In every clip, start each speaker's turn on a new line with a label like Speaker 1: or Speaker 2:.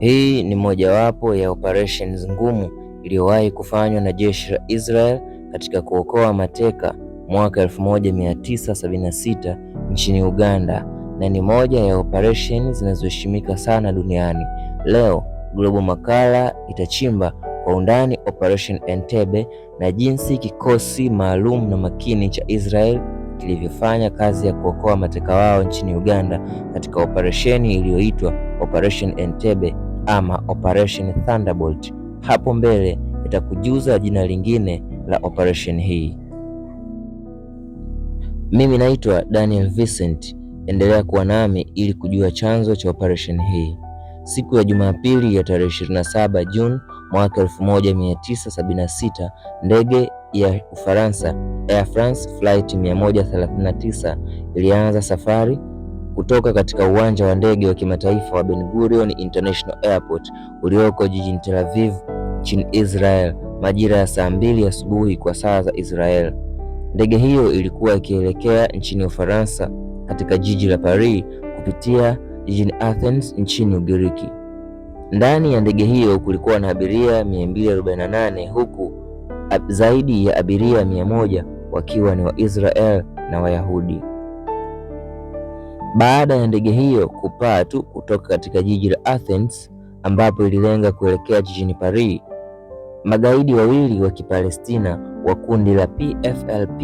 Speaker 1: Hii ni mojawapo ya operations ngumu iliyowahi kufanywa na jeshi la Israel katika kuokoa mateka mwaka 1976 nchini Uganda na ni moja ya operations zinazoheshimika sana duniani. Leo Global Makala itachimba kwa undani Operation Entebbe na jinsi kikosi maalum na makini cha Israel kilivyofanya kazi ya kuokoa mateka wao nchini Uganda katika operesheni iliyoitwa Operation Entebbe ama Operation Thunderbolt. Hapo mbele nitakujuza jina lingine la operation hii. Mimi naitwa Daniel Vincent. Endelea kuwa nami ili kujua chanzo cha operation hii. Siku ya Jumapili ya tarehe 27 Juni mwaka 1976 ndege ya Ufaransa Air France flight 139 ilianza safari kutoka katika uwanja wa ndege wa kimataifa wa Ben Gurion International Airport ulioko jijini Tel Aviv nchini Israel majira ya saa mbili asubuhi kwa saa za Israel. Ndege hiyo ilikuwa ikielekea nchini Ufaransa katika jiji la Paris kupitia jijini Athens nchini Ugiriki. Ndani ya ndege hiyo kulikuwa na abiria 248 huku zaidi ya abiria 100 wakiwa ni Waisrael na Wayahudi baada ya ndege hiyo kupaa tu kutoka katika jiji la Athens ambapo ililenga kuelekea jijini Paris. Magaidi wawili wa Kipalestina wa kundi la PFLP,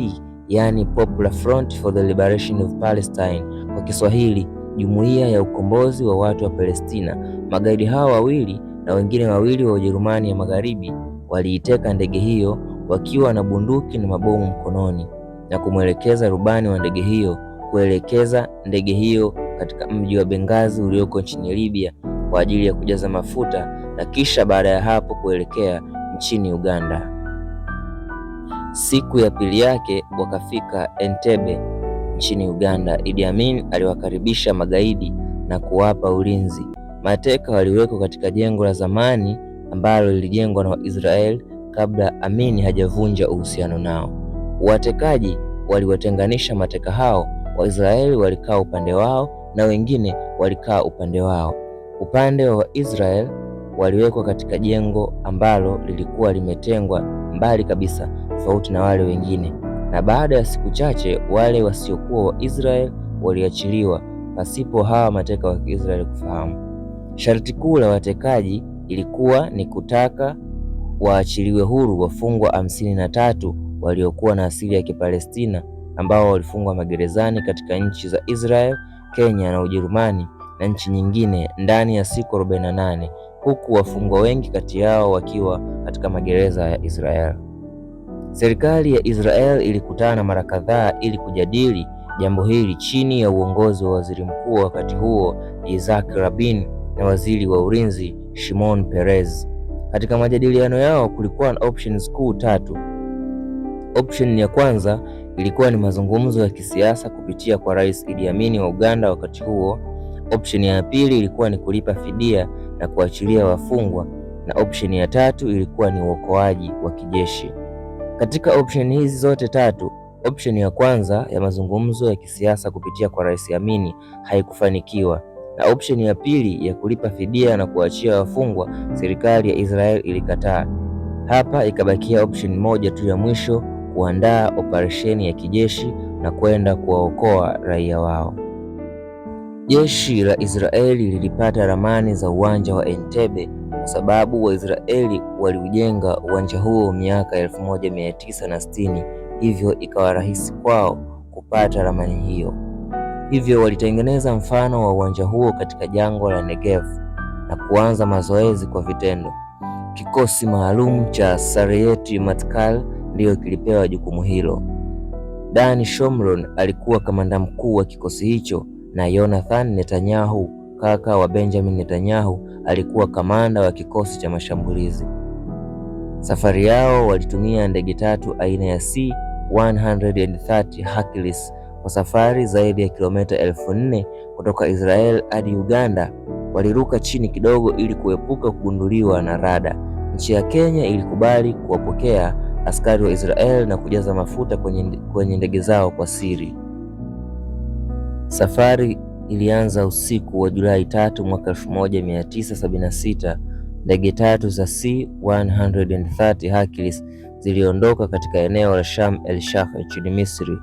Speaker 1: yani Popular Front for the Liberation of Palestine, kwa Kiswahili Jumuiya ya Ukombozi wa Watu wa Palestina. Magaidi hao wawili na wengine wawili wa Ujerumani ya Magharibi waliiteka ndege hiyo wakiwa na bunduki na mabomu mkononi na kumwelekeza rubani wa ndege hiyo kuelekeza ndege hiyo katika mji wa Benghazi ulioko nchini Libya kwa ajili ya kujaza mafuta na kisha baada ya hapo kuelekea nchini Uganda. Siku ya pili yake wakafika Entebbe nchini Uganda. Idi Amin aliwakaribisha magaidi na kuwapa ulinzi. Mateka waliwekwa katika jengo la zamani ambalo lilijengwa na Waisraeli kabla Amin hajavunja uhusiano nao. Watekaji waliwatenganisha mateka hao Waisraeli walikaa upande wao na wengine walikaa upande wao. Upande wa Israeli waliwekwa katika jengo ambalo lilikuwa limetengwa mbali kabisa, tofauti na wale wengine. Na baada ya siku chache wale wasiokuwa wa Israeli waliachiliwa pasipo hawa mateka wa Israeli kufahamu. Sharti kuu la watekaji ilikuwa ni kutaka waachiliwe huru wafungwa hamsini na tatu waliokuwa na asili ya Kipalestina ambao walifungwa magerezani katika nchi za Israel, Kenya na Ujerumani na nchi nyingine ndani ya siku 48 huku wafungwa wengi kati yao wakiwa katika magereza ya Israel. Serikali ya Israel ilikutana mara kadhaa ili kujadili jambo hili chini ya uongozi wa waziri mkuu wakati huo Isaac Rabin na waziri wa ulinzi Shimon Peres. Katika majadiliano yao kulikuwa na options kuu tatu. Option ya kwanza Ilikuwa ni mazungumzo ya kisiasa kupitia kwa Rais Idi Amin wa Uganda wakati huo. Option ya pili ilikuwa ni kulipa fidia na kuachilia wafungwa, na option ya tatu ilikuwa ni uokoaji wa kijeshi. Katika option hizi zote tatu, option ya kwanza ya mazungumzo ya kisiasa kupitia kwa Rais Amini haikufanikiwa, na option ya pili ya kulipa fidia na kuachia wafungwa serikali ya Israel ilikataa. Hapa ikabakia option moja tu ya mwisho kuandaa operesheni ya kijeshi na kwenda kuwaokoa raia wao. Jeshi la Israeli lilipata ramani za uwanja wa Entebbe kwa sababu Waisraeli waliujenga uwanja huo miaka 1960, hivyo ikawa rahisi kwao kupata ramani hiyo. Hivyo walitengeneza mfano wa uwanja huo katika jangwa la Negev na kuanza mazoezi kwa vitendo. Kikosi maalum cha Sariyeti Matkal ndiyo kilipewa jukumu hilo. Dan Shomron alikuwa kamanda mkuu wa kikosi hicho na Yonathan Netanyahu, kaka wa Benjamin Netanyahu, alikuwa kamanda wa kikosi cha mashambulizi. Safari yao walitumia ndege tatu aina ya C-130 Hercules kwa safari zaidi ya kilomita elfu nne kutoka Israel hadi Uganda. Waliruka chini kidogo ili kuepuka kugunduliwa na rada. Nchi ya Kenya ilikubali kuwapokea askari wa Israel na kujaza mafuta kwenye, kwenye ndege zao kwa siri. Safari ilianza usiku wa Julai 3 mwaka 1976. Ndege tatu za C-130 Hercules ziliondoka katika eneo la sham El Shah nchini Misri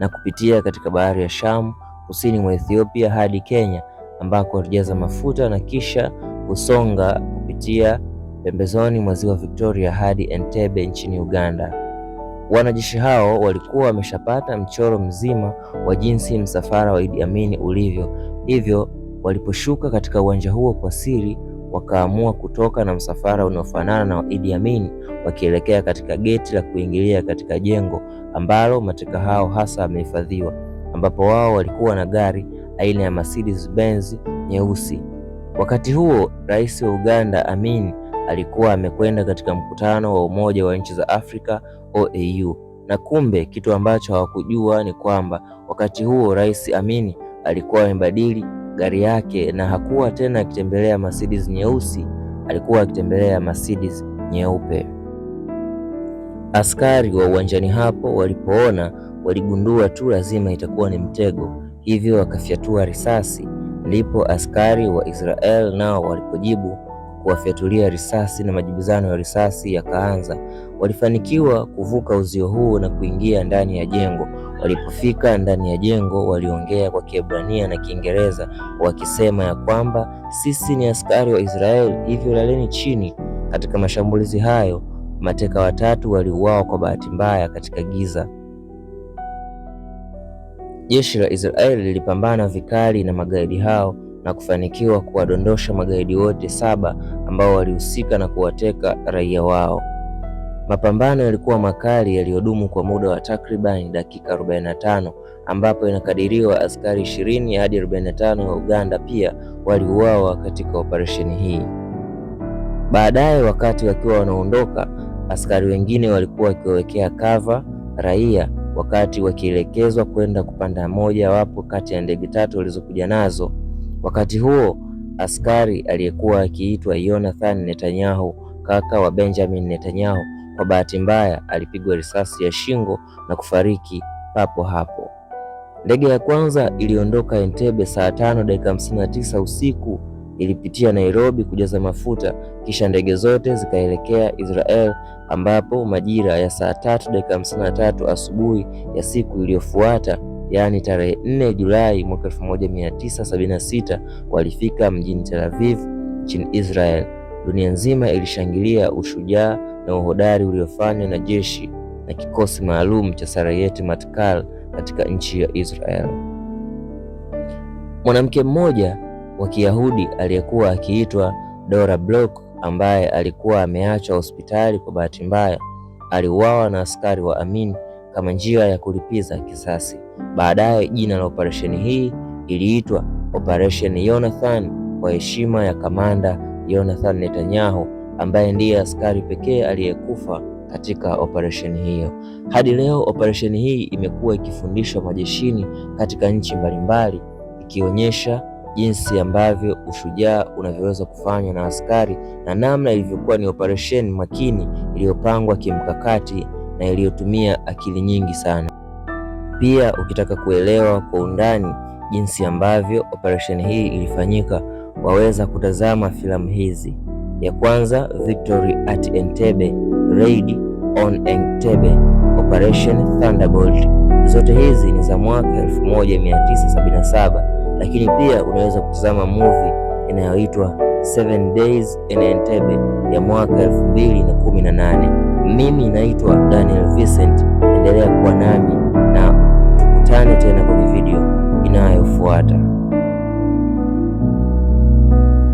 Speaker 1: na kupitia katika bahari ya sham kusini mwa Ethiopia hadi Kenya ambako walijaza mafuta na kisha kusonga kupitia pembezoni mwa ziwa Victoria hadi Entebbe nchini Uganda. Wanajeshi hao walikuwa wameshapata mchoro mzima wa jinsi msafara wa Idi Amin ulivyo, hivyo waliposhuka katika uwanja huo kwa siri, wakaamua kutoka na msafara unaofanana na wa Idi Amin wakielekea katika geti la kuingilia katika jengo ambalo mateka hao hasa wamehifadhiwa, ambapo wao walikuwa na gari aina ya Mercedes Benz nyeusi. Wakati huo rais wa Uganda Amin alikuwa amekwenda katika mkutano wa Umoja wa Nchi za Afrika OAU, na kumbe kitu ambacho hawakujua ni kwamba wakati huo Rais Amini alikuwa amebadili gari yake na hakuwa tena akitembelea Mercedes nyeusi, alikuwa akitembelea Mercedes nyeupe. Askari wa uwanjani hapo walipoona, waligundua tu lazima itakuwa ni mtego, hivyo wakafyatua risasi. Ndipo askari wa Israel nao walipojibu kuwafyatulia risasi na majibizano ya risasi yakaanza. Walifanikiwa kuvuka uzio huo na kuingia ndani ya jengo. Walipofika ndani ya jengo, waliongea kwa Kiebrania na Kiingereza wakisema ya kwamba sisi ni askari wa Israeli, hivyo laleni chini. Katika mashambulizi hayo, mateka watatu waliuawa kwa bahati mbaya katika giza. Jeshi la Israeli lilipambana vikali na magaidi hao na kufanikiwa kuwadondosha magaidi wote saba ambao walihusika na kuwateka raia wao. Mapambano yalikuwa makali yaliyodumu kwa muda wa takriban dakika 45 ambapo inakadiriwa askari 20 hadi 45 wa Uganda pia waliuawa katika operesheni hii. Baadaye, wakati wakiwa wanaondoka, askari wengine walikuwa wakiwawekea kava raia wakati wakielekezwa kwenda kupanda moja wapo kati ya ndege tatu walizokuja nazo Wakati huo askari aliyekuwa akiitwa Yonathan Netanyahu, kaka wa Benjamin Netanyahu, kwa bahati mbaya alipigwa risasi ya shingo na kufariki papo hapo. Ndege ya kwanza iliondoka Entebbe saa tano dakika 59 usiku, ilipitia Nairobi kujaza mafuta, kisha ndege zote zikaelekea Israel, ambapo majira ya saa tatu dakika 53 asubuhi ya siku iliyofuata yaani tarehe 4 Julai mwaka 1976 walifika mjini Tel Aviv nchini Israel. Dunia nzima ilishangilia ushujaa na uhodari uliofanywa na jeshi na kikosi maalum cha Sarayeti Matkal katika nchi ya Israel. Mwanamke mmoja wa Kiyahudi aliyekuwa akiitwa Dora Block ambaye alikuwa ameachwa hospitali kwa bahati mbaya aliuawa na askari wa Amin kama njia ya kulipiza kisasi. Baadaye jina la operesheni hii iliitwa Operation Yonathan kwa heshima ya kamanda Yonathan Netanyahu ambaye ndiye askari pekee aliyekufa katika operesheni hiyo. Hadi leo operesheni hii imekuwa ikifundishwa majeshini katika nchi mbalimbali, ikionyesha jinsi ambavyo ushujaa unavyoweza kufanywa na askari na namna ilivyokuwa ni operesheni makini iliyopangwa kimkakati na iliyotumia akili nyingi sana. Pia ukitaka kuelewa kwa undani jinsi ambavyo operesheni hii ilifanyika, waweza kutazama filamu hizi. Ya kwanza Victory at Entebbe, Raid on Entebbe, Operation Thunderbolt. Zote hizi ni za mwaka 1977, lakini pia unaweza kutazama movie inayoitwa Seven Days in Entebbe ya mwaka 2018. Mimi naitwa Daniel Vincent, endelea kuwa nami na tukutane tena kwenye video inayofuata.